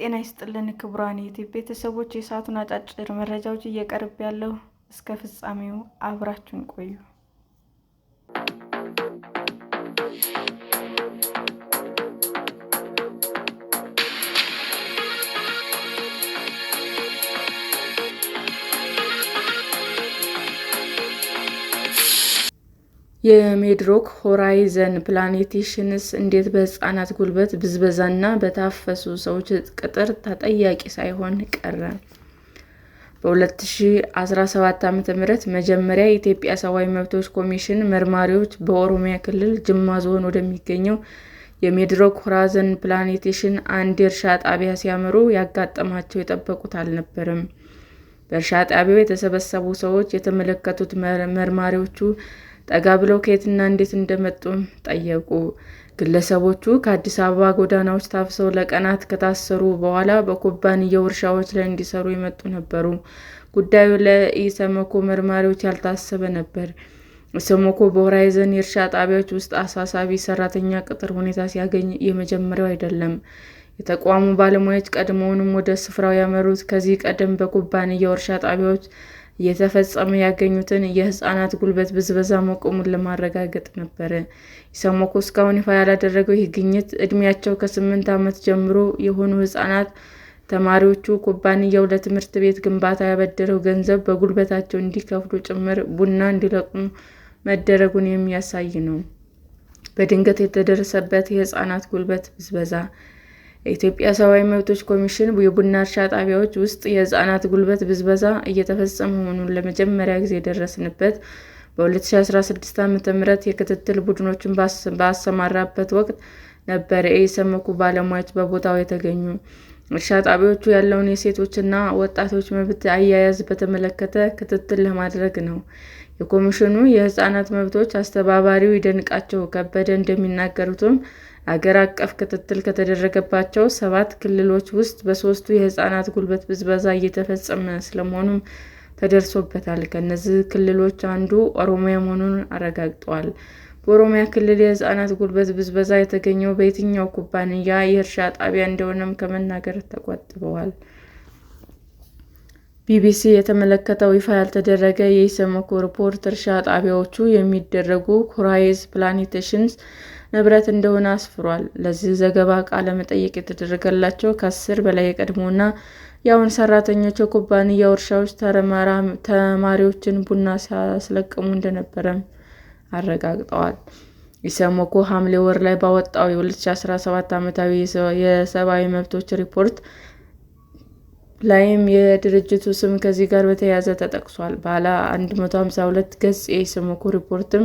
ጤና ይስጥልን ክቡራን ዩቲብ ቤተሰቦች፣ የሰዓቱን አጫጭር መረጃዎች እየቀርብ ያለው እስከ ፍጻሜው አብራችን ቆዩ። የሜድሮክ ሆራይዘን ፕላኔቴሽንስ እንዴት በህፃናት ጉልበት ብዝበዛና በታፈሱ ሰዎች ቅጥር ተጠያቂ ሳይሆን ቀረ? በ2017 ዓ.ም መጀመሪያ የኢትዮጵያ ሰብዓዊ መብቶች ኮሚሽን መርማሪዎች በኦሮሚያ ክልል ጅማ ዞን ወደሚገኘው የሜድሮክ ሆራይዘን ፕላኔቴሽን አንድ የእርሻ ጣቢያ ሲያመሩ ያጋጠማቸው የጠበቁት አልነበረም። በእርሻ ጣቢያው የተሰበሰቡ ሰዎች የተመለከቱት መርማሪዎቹ ጠጋ ብለው ከየትና እንዴት እንደመጡም ጠየቁ። ግለሰቦቹ ከአዲስ አበባ ጎዳናዎች ታፍሰው ለቀናት ከታሰሩ በኋላ በኩባንያው እርሻዎች ላይ እንዲሰሩ የመጡ ነበሩ። ጉዳዩ ለኢሰመኮ መርማሪዎች ያልታሰበ ነበር። ኢሰመኮ በሆራይዘን የእርሻ ጣቢያዎች ውስጥ አሳሳቢ ሰራተኛ ቅጥር ሁኔታ ሲያገኝ የመጀመሪያው አይደለም። የተቋሙ ባለሙያዎች ቀድሞውንም ወደ ስፍራው ያመሩት ከዚህ ቀደም በኩባንያው እርሻ ጣቢያዎች እየተፈጸመ ያገኙትን የህጻናት ጉልበት ብዝበዛ መቆሙን ለማረጋገጥ ነበር። ኢሰመኮ እስካሁን ይፋ ያላደረገው ይህ ግኝት እድሜያቸው ከስምንት ዓመት ጀምሮ የሆኑ ህጻናት ተማሪዎቹ ኩባንያው ለትምህርት ቤት ግንባታ ያበደረው ገንዘብ በጉልበታቸው እንዲከፍሉ ጭምር ቡና እንዲለቅሙ መደረጉን የሚያሳይ ነው። በድንገት የተደረሰበት የህጻናት ጉልበት ብዝበዛ የኢትዮጵያ ሰብአዊ መብቶች ኮሚሽን የቡና እርሻ ጣቢያዎች ውስጥ የሕፃናት ጉልበት ብዝበዛ እየተፈጸመ መሆኑን ለመጀመሪያ ጊዜ የደረስንበት በ2016 ዓ.ም የክትትል ቡድኖችን ባሰማራበት ወቅት ነበር። የኢሰመኮ ባለሙያዎች በቦታው የተገኙ። እርሻ ጣቢያዎቹ ያለውን የሴቶችና ወጣቶች መብት አያያዝ በተመለከተ ክትትል ለማድረግ ነው። የኮሚሽኑ የሕፃናት መብቶች አስተባባሪው ይደንቃቸው ከበደ እንደሚናገሩትም አገር አቀፍ ክትትል ከተደረገባቸው ሰባት ክልሎች ውስጥ በሶስቱ የሕፃናት ጉልበት ብዝበዛ እየተፈጸመ ስለመሆኑም ተደርሶበታል። ከእነዚህ ክልሎች አንዱ ኦሮሚያ መሆኑን አረጋግጠዋል። በኦሮሚያ ክልል የህጻናት ጉልበት ብዝበዛ የተገኘው በየትኛው ኩባንያ የእርሻ ጣቢያ እንደሆነም ከመናገር ተቆጥበዋል። ቢቢሲ የተመለከተው ይፋ ያልተደረገ የኢሰመኮ ሪፖርት እርሻ ጣቢያዎቹ የሚደረጉ ኮራይዝ ፕላንቴሽንስ ንብረት እንደሆነ አስፍሯል። ለዚህ ዘገባ ቃለ መጠይቅ የተደረገላቸው ከአስር በላይ የቀድሞና የአሁን ሰራተኞች የኩባንያ እርሻዎች ተማሪዎችን ቡና ሲያስለቅሙ እንደነበረም አረጋግጠዋል። ኢሰመኮ ሐምሌ ወር ላይ ባወጣው የ2017 ዓመታዊ የሰብአዊ መብቶች ሪፖርት ላይም የድርጅቱ ስም ከዚህ ጋር በተያያዘ ተጠቅሷል። ባለ 152 ገጽ የኢሰመኮ ሪፖርትም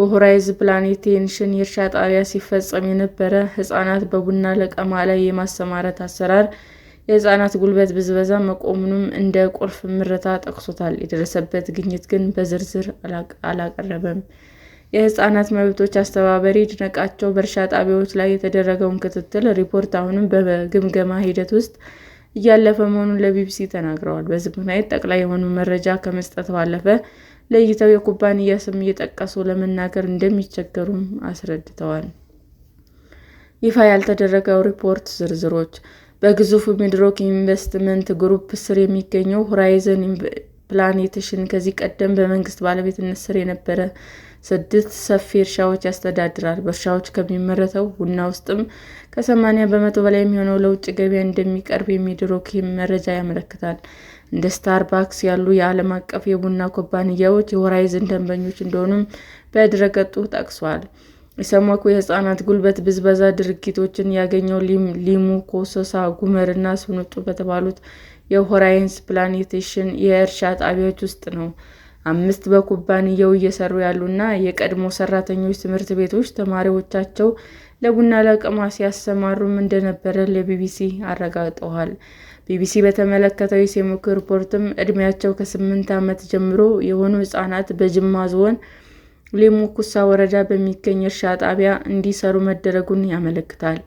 በሆራይዝ ፕላኔት ቴንሽን የእርሻ ጣቢያ ሲፈጸም የነበረ፣ ሕፃናት በቡና ለቀማ ላይ የማሰማራት አሰራር፣ የሕፃናት ጉልበት ብዝበዛ መቆሙንም እንደ ቁልፍ ምርታ ጠቅሶታል። የደረሰበት ግኝት ግን በዝርዝር አላቀረበም። የሕፃናት መብቶች አስተባባሪ ይድነቃቸው በእርሻ ጣቢያዎች ላይ የተደረገውን ክትትል ሪፖርት አሁንም በግምገማ ሂደት ውስጥ እያለፈ መሆኑን ለቢቢሲ ተናግረዋል። በዚህ ምክንያት ጠቅላይ የሆኑ መረጃ ከመስጠት ባለፈ ለይተው የኩባንያ ስም እየጠቀሱ ለመናገር እንደሚቸገሩም አስረድተዋል። ይፋ ያልተደረገው ሪፖርት ዝርዝሮች በግዙፉ ሚድሮክ ኢንቨስትመንት ግሩፕ ስር የሚገኘው ሆራይዘን ፕላንቴሽን ከዚህ ቀደም በመንግስት ባለቤትነት ስር የነበረ ስድስት ሰፊ እርሻዎች ያስተዳድራል። በእርሻዎች ከሚመረተው ቡና ውስጥም ከሰማንያ በመቶ በላይ የሚሆነው ለውጭ ገበያ እንደሚቀርብ የሚድሮክ መረጃ ያመለክታል። እንደ ስታርባክስ ያሉ የዓለም አቀፍ የቡና ኩባንያዎች የሆራይዝን ደንበኞች እንደሆኑም በድረገጡ ጠቅሷል። ኢሰመኮ የሕፃናት ጉልበት ብዝበዛ ድርጊቶችን ያገኘው ሊሙ፣ ኮሶሳ፣ ጉመር እና ስኑጡ በተባሉት የሆራይዝ ፕላንቴሽን የእርሻ ጣቢያዎች ውስጥ ነው። አምስት በኩባንያው እየሰሩ ያሉና የቀድሞ ሰራተኞች ትምህርት ቤቶች ተማሪዎቻቸው ለቡና ለቀማ ሲያሰማሩም እንደነበረ ለቢቢሲ አረጋግጠዋል። ቢቢሲ በተመለከተው የሴሞክ ሪፖርትም ዕድሜያቸው ከስምንት ዓመት ጀምሮ የሆኑ ሕፃናት በጅማ ዞን ሌሙኩሳ ወረዳ በሚገኝ እርሻ ጣቢያ እንዲሰሩ መደረጉን ያመለክታል።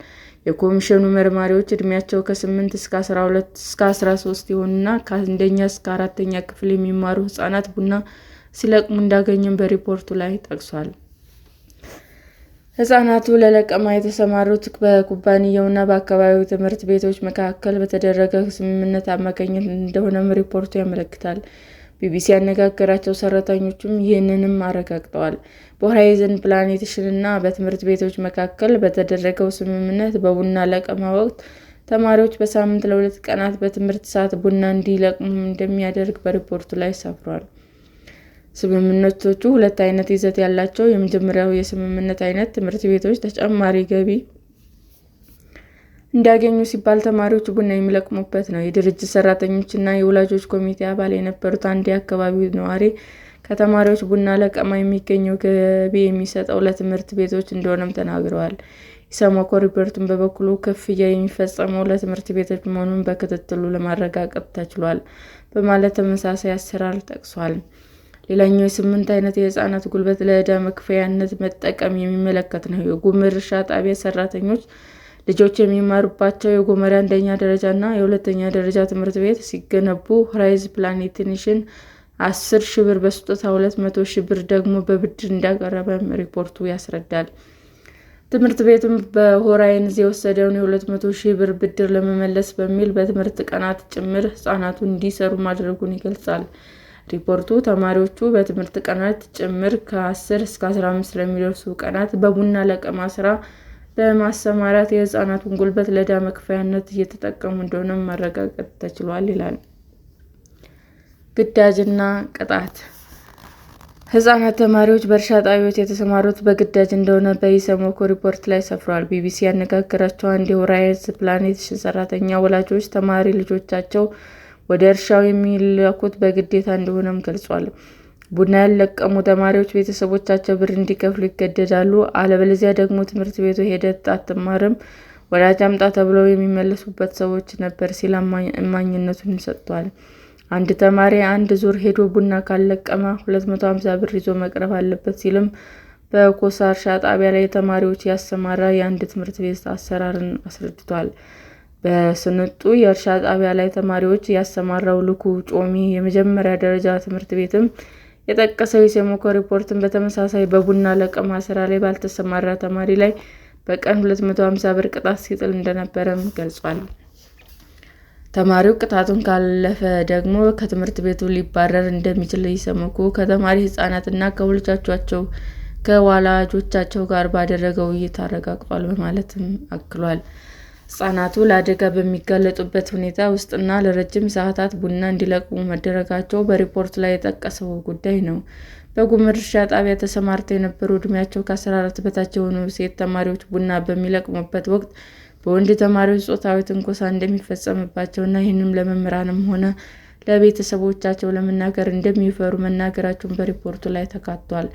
የኮሚሽኑ መርማሪዎች ዕድሜያቸው ከስምንት እስከ አስራ ሁለት እስከ አስራ ሶስት የሆኑና ከአንደኛ እስከ አራተኛ ክፍል የሚማሩ ሕፃናት ቡና ሲለቅሙ እንዳገኘም በሪፖርቱ ላይ ጠቅሷል። ሕፃናቱ ለለቀማ የተሰማሩት በኩባንያውና በአካባቢው ትምህርት ቤቶች መካከል በተደረገ ስምምነት አማካኝነት እንደሆነም ሪፖርቱ ያመለክታል። ቢቢሲ ያነጋገራቸው ሰራተኞችም ይህንንም አረጋግጠዋል። በሆራይዘን ፕላንቴሽንና በትምህርት ቤቶች መካከል በተደረገው ስምምነት በቡና ለቀማ ወቅት ተማሪዎች በሳምንት ለሁለት ቀናት በትምህርት ሰዓት ቡና እንዲለቅሙ እንደሚያደርግ በሪፖርቱ ላይ ሰፍሯል። ስምምነቶቹ ሁለት አይነት ይዘት ያላቸው፣ የመጀመሪያው የስምምነት አይነት ትምህርት ቤቶች ተጨማሪ ገቢ እንዲያገኙ ሲባል ተማሪዎች ቡና የሚለቅሙበት ነው። የድርጅት ሰራተኞች እና የወላጆች ኮሚቴ አባል የነበሩት አንድ የአካባቢው ነዋሪ ከተማሪዎች ቡና ለቀማ የሚገኘው ገቢ የሚሰጠው ለትምህርት ቤቶች እንደሆነም ተናግረዋል። ኢሰመኮ ሪፖርቱን በበኩሉ ክፍያ የሚፈጸመው ለትምህርት ቤቶች መሆኑን በክትትሉ ለማረጋገጥ ተችሏል በማለት ተመሳሳይ አሰራር ጠቅሷል። ሌላኛው የስምንት አይነት የህፃናት ጉልበት ለዕዳ መክፈያነት መጠቀም የሚመለከት ነው። የጉምር እርሻ ጣቢያ ሰራተኞች ልጆች የሚማሩባቸው የጎመሪ አንደኛ ደረጃ እና የሁለተኛ ደረጃ ትምህርት ቤት ሲገነቡ ሆራይዝ ፕላንቴሽን አስር ሺ ብር በስጦታ ሁለት መቶ ሺ ብር ደግሞ በብድር እንዳቀረበም ሪፖርቱ ያስረዳል። ትምህርት ቤቱም በሆራይንዝ የወሰደውን የሁለት መቶ ሺ ብር ብድር ለመመለስ በሚል በትምህርት ቀናት ጭምር ህጻናቱ እንዲሰሩ ማድረጉን ይገልጻል። ሪፖርቱ ተማሪዎቹ በትምህርት ቀናት ጭምር ከ10 እስከ 15 ለሚደርሱ ቀናት በቡና ለቀማ ስራ በማሰማራት የህፃናቱን ጉልበት ለዕዳ መክፈያነት እየተጠቀሙ እንደሆነ ማረጋገጥ ተችሏል ይላል። ግዳጅና ቅጣት ህፃናት ተማሪዎች በእርሻ ጣቢያዎች የተሰማሩት በግዳጅ እንደሆነ በኢሰመኮ ሪፖርት ላይ ሰፍሯል። ቢቢሲ ያነጋገራቸው አንድ የሆራይዘን ፕላኔት ሰራተኛ ወላጆች ተማሪ ልጆቻቸው ወደ እርሻው የሚላኩት በግዴታ እንደሆነም ገልጿል። ቡና ያለቀሙ ተማሪዎች ቤተሰቦቻቸው ብር እንዲከፍሉ ይገደዳሉ። አለበለዚያ ደግሞ ትምህርት ቤቱ ሄደህ አትማርም፣ ወላጅ አምጣ ተብለው የሚመለሱበት ሰዎች ነበር ሲል እማኝነቱን ሰጥቷል። አንድ ተማሪ አንድ ዙር ሄዶ ቡና ካለቀመ 250 ብር ይዞ መቅረብ አለበት ሲልም በኮሳ እርሻ ጣቢያ ላይ ተማሪዎች ያሰማራ የአንድ ትምህርት ቤት አሰራርን አስረድቷል። በስንጡ የእርሻ ጣቢያ ላይ ተማሪዎች ያሰማራው ልኩ ጮሚ የመጀመሪያ ደረጃ ትምህርት ቤትም የጠቀሰው የሴሞኮ ሪፖርትን በተመሳሳይ በቡና ለቀማ ስራ ላይ ባልተሰማራ ተማሪ ላይ በቀን 250 ብር ቅጣት ሲጥል እንደነበረም ገልጿል። ተማሪው ቅጣቱን ካለፈ ደግሞ ከትምህርት ቤቱ ሊባረር እንደሚችል ኢሰመኮ ከተማሪ ህጻናትና ከወላጆቻቸው ከወላጆቻቸው ጋር ባደረገው ውይይት አረጋግጧል በማለትም አክሏል። ሕፃናቱ ለአደጋ በሚጋለጡበት ሁኔታ ውስጥና ለረጅም ሰዓታት ቡና እንዲለቅሙ መደረጋቸው በሪፖርቱ ላይ የጠቀሰው ጉዳይ ነው። በጉም እርሻ ጣቢያ ተሰማርተው የነበሩ ዕድሜያቸው ከ14 በታች የሆኑ ሴት ተማሪዎች ቡና በሚለቅሙበት ወቅት በወንድ ተማሪዎች ጾታዊ ትንኮሳ እንደሚፈጸምባቸውና ይህንም ለመምህራንም ሆነ ለቤተሰቦቻቸው ለመናገር እንደሚፈሩ መናገራቸውን በሪፖርቱ ላይ ተካቷል።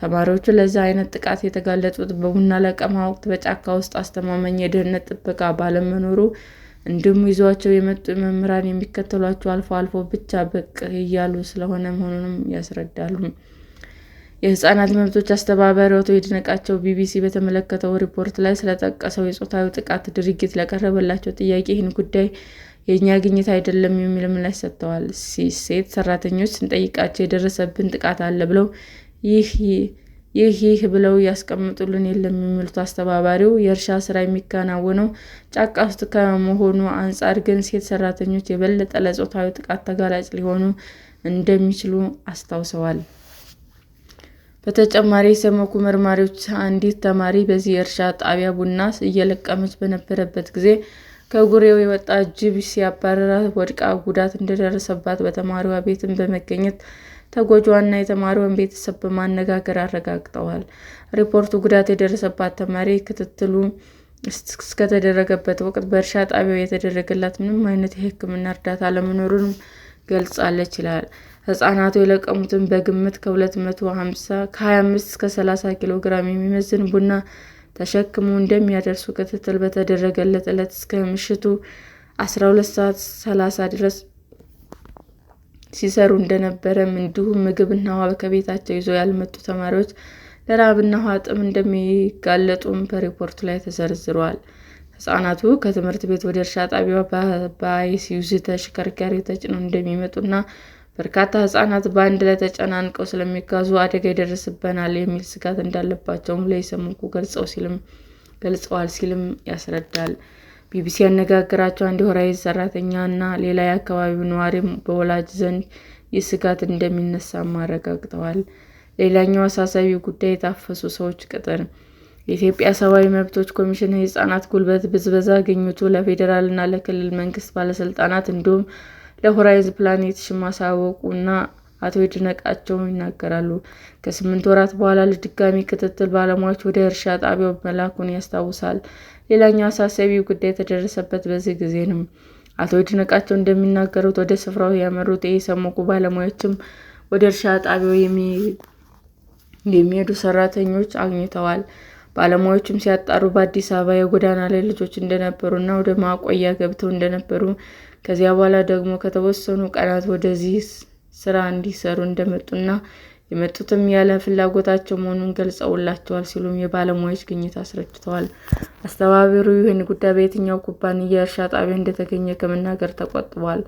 ተማሪዎቹ ለዚህ አይነት ጥቃት የተጋለጡት በቡና ለቀማ ወቅት በጫካ ውስጥ አስተማማኝ የደህንነት ጥበቃ ባለመኖሩ እንዲሁም ይዟቸው የመጡ መምህራን የሚከተሏቸው አልፎ አልፎ ብቻ ብቅ እያሉ ስለሆነ መሆኑንም ያስረዳሉ። የህጻናት መብቶች አስተባባሪ አቶ ይድነቃቸው ቢቢሲ በተመለከተው ሪፖርት ላይ ስለጠቀሰው የፆታዊ ጥቃት ድርጊት ለቀረበላቸው ጥያቄ ይህን ጉዳይ የእኛ ግኝት አይደለም የሚል ምላሽ ሰጥተዋል። ሴት ሰራተኞች ስንጠይቃቸው የደረሰብን ጥቃት አለ ብለው ይህ ይህ ብለው ያስቀምጡልን የለም የሚሉት አስተባባሪው የእርሻ ስራ የሚከናወነው ጫካ ውስጥ ከመሆኑ አንጻር ግን ሴት ሰራተኞች የበለጠ ለጾታዊ ጥቃት ተጋላጭ ሊሆኑ እንደሚችሉ አስታውሰዋል። በተጨማሪ የሰመኩ መርማሪዎች አንዲት ተማሪ በዚህ የእርሻ ጣቢያ ቡና እየለቀመች በነበረበት ጊዜ ከጉሬው የወጣ ጅብ ሲያባርራት ወድቃ ጉዳት እንደደረሰባት በተማሪዋ ቤትም በመገኘት ተጎጂዋና የተማሪውን ቤተሰብ በማነጋገር አረጋግጠዋል። ሪፖርቱ ጉዳት የደረሰባት ተማሪ ክትትሉ እስከተደረገበት ወቅት በእርሻ ጣቢያው የተደረገላት ምንም ዓይነት የሕክምና እርዳታ አለመኖሩንም ገልጻለች ይላል። ሕፃናቱ የለቀሙትን በግምት ከ250 ከ25 እስከ 30 ኪሎ ግራም የሚመዝን ቡና ተሸክሞ እንደሚያደርሱ ክትትል በተደረገለት ዕለት እስከ ምሽቱ 12 ሰዓት 30 ድረስ ሲሰሩ እንደነበረም እንዲሁም ምግብና ውሃ ከቤታቸው ይዞ ያልመጡ ተማሪዎች ለራብና ውሃ ጥም እንደሚጋለጡም በሪፖርቱ ላይ ተዘርዝረዋል። ሕፃናቱ ከትምህርት ቤት ወደ እርሻ ጣቢያ በአይሱዙ ተሽከርካሪ ተጭነው እንደሚመጡና በርካታ ህጻናት በአንድ ላይ ተጨናንቀው ስለሚጓዙ አደጋ ይደርስብናል የሚል ስጋት እንዳለባቸውም ለኢሰመኮ ገልጸዋል ሲልም ያስረዳል። ቢቢሲ ያነጋገራቸው አንድ የሆራይዝ ሰራተኛ እና ሌላ የአካባቢው ነዋሪም በወላጅ ዘንድ ይህ ስጋት እንደሚነሳም አረጋግጠዋል። ሌላኛው አሳሳቢ ጉዳይ የታፈሱ ሰዎች ቅጥር የኢትዮጵያ ሰብአዊ መብቶች ኮሚሽን የህጻናት ጉልበት ብዝበዛ ግኝቱ ለፌዴራልና ለክልል መንግስት ባለስልጣናት እንዲሁም ለሆራይዝ ፕላኔት ማሳወቁና አቶ ይድነቃቸው ይናገራሉ። ከስምንት ወራት በኋላ ለድጋሚ ክትትል ባለሙያዎች ወደ እርሻ ጣቢያው መላኩን ያስታውሳል። ሌላኛው አሳሳቢው ጉዳይ የተደረሰበት በዚህ ጊዜ ነው። አቶ ይድነቃቸው እንደሚናገሩት ወደ ስፍራው ያመሩት የኢሰመኮ ባለሙያዎችም ወደ እርሻ ጣቢያው የሚሄዱ ሰራተኞች አግኝተዋል። ባለሙያዎቹም ሲያጣሩ በአዲስ አበባ የጎዳና ላይ ልጆች እንደነበሩና ወደ ማቆያ ገብተው እንደነበሩ ከዚያ በኋላ ደግሞ ከተወሰኑ ቀናት ወደዚህ ስራ እንዲሰሩ እንደመጡና የመጡትም ያለ ፍላጎታቸው መሆኑን ገልጸውላቸዋል ሲሉም የባለሙያዎች ግኝት አስረድተዋል። አስተባባሪው ይህን ጉዳይ በየትኛው ኩባንያ እርሻ ጣቢያ እንደተገኘ ከመናገር ተቆጥቧል።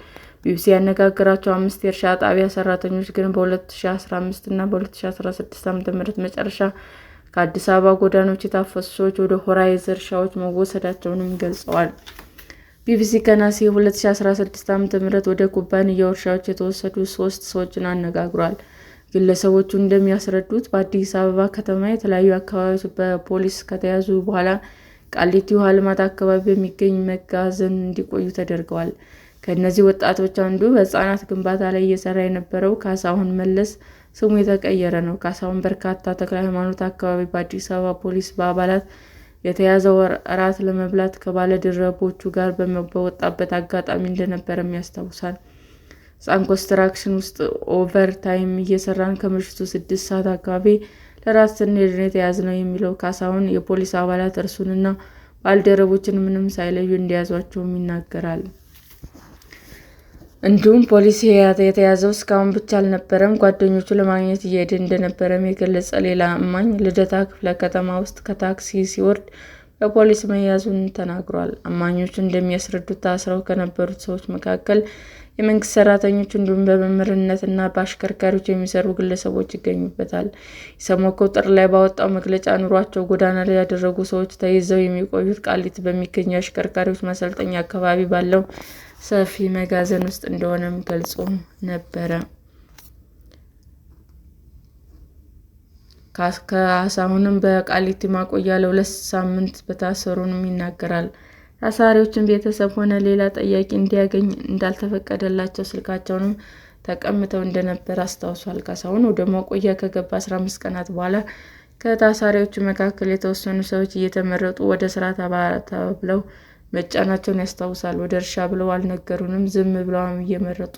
ቢቢሲ ያነጋገራቸው አምስት የእርሻ ጣቢያ ሰራተኞች ግን በ2015 እና በ2016 ዓ.ም መጨረሻ ከአዲስ አበባ ጎዳናዎች የታፈሱ ሰዎች ወደ ሆራይዝ እርሻዎች መወሰዳቸውንም ገልጸዋል። ቢቢሲ ከነሐሴ 2016 ዓ.ም ወደ ኩባንያ እርሻዎች የተወሰዱ ሶስት ሰዎችን አነጋግሯል። ግለሰቦቹ እንደሚያስረዱት በአዲስ አበባ ከተማ የተለያዩ አካባቢዎች በፖሊስ ከተያዙ በኋላ ቃሊቲ ውሃ ልማት አካባቢ በሚገኝ መጋዘን እንዲቆዩ ተደርገዋል። ከእነዚህ ወጣቶች አንዱ በሕፃናት ግንባታ ላይ እየሰራ የነበረው ካሳሁን መለስ ስሙ የተቀየረ ነው። ካሳሁን በርካታ ተክለ ሃይማኖት አካባቢ በአዲስ አበባ ፖሊስ በአባላት የተያዘው እራት ለመብላት ከባለደረቦቹ ጋር በወጣበት አጋጣሚ እንደነበረም ያስታውሳል። ሕፃን ኮንስትራክሽን ውስጥ ኦቨር ታይም እየሰራን ከምሽቱ ስድስት ሰዓት አካባቢ ለራት ስንሄድ ነው የተያዝነው የሚለው ካሳሁን የፖሊስ አባላት እርሱንና ባልደረቦችን ምንም ሳይለዩ እንደያዟቸውም ይናገራል። እንዲሁም ፖሊስ የተያዘው እስካሁን ብቻ አልነበረም፣ ጓደኞቹ ለማግኘት እየሄደ እንደነበረም የገለጸ ሌላ እማኝ ልደታ ክፍለ ከተማ ውስጥ ከታክሲ ሲወርድ በፖሊስ መያዙን ተናግሯል። እማኞቹ እንደሚያስረዱት ታስረው ከነበሩት ሰዎች መካከል የመንግስት ሰራተኞች እንዲሁም በመምህርነትና በአሽከርካሪዎች የሚሰሩ ግለሰቦች ይገኙበታል። ኢሰመኮ ጥር ላይ ባወጣው መግለጫ ኑሯቸው ጎዳና ላይ ያደረጉ ሰዎች ተይዘው የሚቆዩት ቃሊቲ በሚገኘው የአሽከርካሪዎች ማሰልጠኛ አካባቢ ባለው ሰፊ መጋዘን ውስጥ እንደሆነም ገልጾ ነበረ። ከአሳሁንም በቃሊቲ ማቆያ ለሁለት ሳምንት በታሰሩንም ይናገራል። ታሳሪዎችን ቤተሰብ ሆነ ሌላ ጠያቂ እንዲያገኝ እንዳልተፈቀደላቸው ስልካቸውንም ተቀምተው እንደነበር አስታውሷል። ካሳሁን ወደ ማቆያ ከገባ አምስት ቀናት በኋላ ከታሳሪዎቹ መካከል የተወሰኑ ሰዎች እየተመረጡ ወደ ስራ ተብለው መጫናቸውን ያስታውሳል። ወደ እርሻ ብለው አልነገሩንም፣ ዝም ብለውም እየመረጡ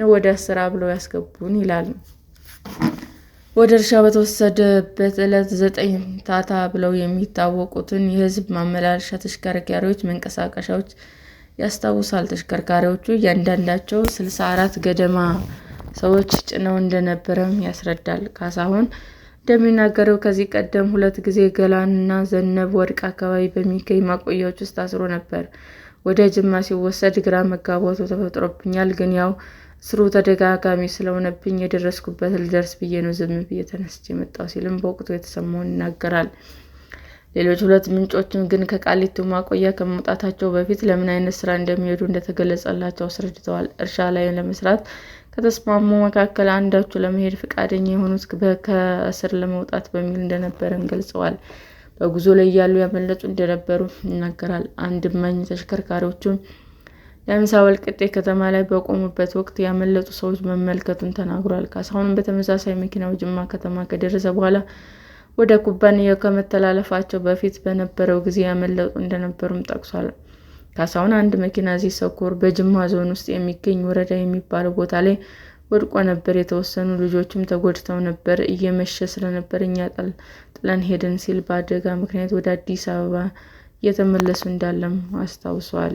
ነው ወደ ስራ ብለው ያስገቡን ይላል። ወደ እርሻ በተወሰደበት ዕለት ዘጠኝ ታታ ብለው የሚታወቁትን የህዝብ ማመላለሻ ተሽከርካሪዎች መንቀሳቀሻዎች ያስታውሳል። ተሽከርካሪዎቹ እያንዳንዳቸው ስልሳ አራት ገደማ ሰዎች ጭነው እንደነበረም ያስረዳል። ካሳሁን እንደሚናገረው ከዚህ ቀደም ሁለት ጊዜ ገላንና ዘነብ ወርቅ አካባቢ በሚገኝ ማቆያዎች ውስጥ ታስሮ ነበር። ወደ ጅማ ሲወሰድ ግራ መጋባቱ ተፈጥሮብኛል። ግን ያው ስሩ ተደጋጋሚ ስለሆነብኝ የደረስኩበት ልደርስ ብዬ ነው ዝም ብዬ ተነስቼ ሲልም በወቅቱ የተሰማውን ይናገራል። ሌሎች ሁለት ምንጮችም ግን ከቃሊቲ ማቆያ ከመውጣታቸው በፊት ለምን አይነት ስራ እንደሚሄዱ እንደተገለጸላቸው አስረድተዋል። እርሻ ላይ ለመስራት ከተስማሙ መካከል አንዳቹ ለመሄድ ፈቃደኛ የሆኑት ከእስር ለመውጣት በሚል እንደነበረን ገልጸዋል። በጉዞ ላይ ያሉ ያመለጡ እንደነበሩ ይናገራል። አንድ እማኝ ተሽከርካሪዎቹም ለምሳ ወልቅጤ ከተማ ላይ በቆሙበት ወቅት ያመለጡ ሰዎች መመልከቱን ተናግሯል። ካሳሁንም በተመሳሳይ መኪናው ጅማ ከተማ ከደረሰ በኋላ ወደ ኩባንያው ከመተላለፋቸው በፊት በነበረው ጊዜ ያመለጡ እንደነበሩም ጠቅሷል። ካሳሁን አንድ መኪና ሲሰኩር በጅማ ዞን ውስጥ የሚገኝ ወረዳ የሚባለው ቦታ ላይ ወድቆ ነበር። የተወሰኑ ልጆችም ተጎድተው ነበር። እየመሸ ስለነበር እኛ ጥለን ሄድን ሲል በአደጋ ምክንያት ወደ አዲስ አበባ እየተመለሱ እንዳለም አስታውሷል።